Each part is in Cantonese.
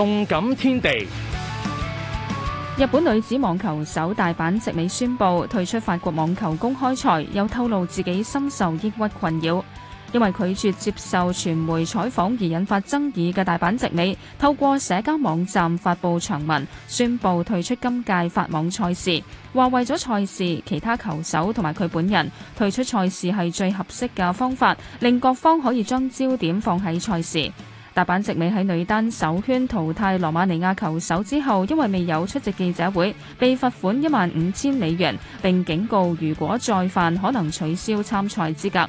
動感天地。日本女子網球手大坂直美宣布退出法國網球公開賽，又透露自己深受抑鬱困擾，因為拒絕接受傳媒採訪而引發爭議嘅大坂直美，透過社交網站發布長文宣布退出今屆法網賽事，話為咗賽事，其他球手同埋佢本人退出賽事係最合適嘅方法，令各方可以將焦點放喺賽事。大坂直美喺女單首圈淘汰羅馬尼亞球手之後，因為未有出席記者會，被罰款一萬五千美元，並警告如果再犯，可能取消參賽資格。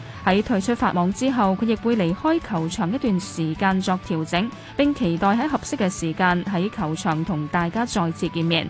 喺退出法網之後，佢亦會離開球場一段時間作調整，並期待喺合適嘅時間喺球場同大家再次見面。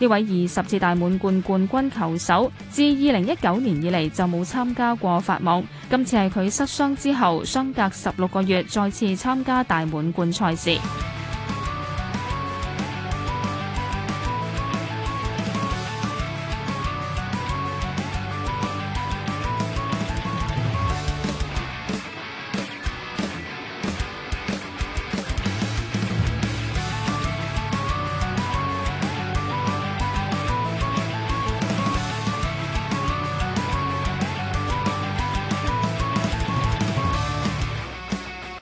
呢位二十次大滿貫冠軍球手，自二零一九年以嚟就冇參加過法網，今次係佢失傷之後，相隔十六個月再次參加大滿貫賽事。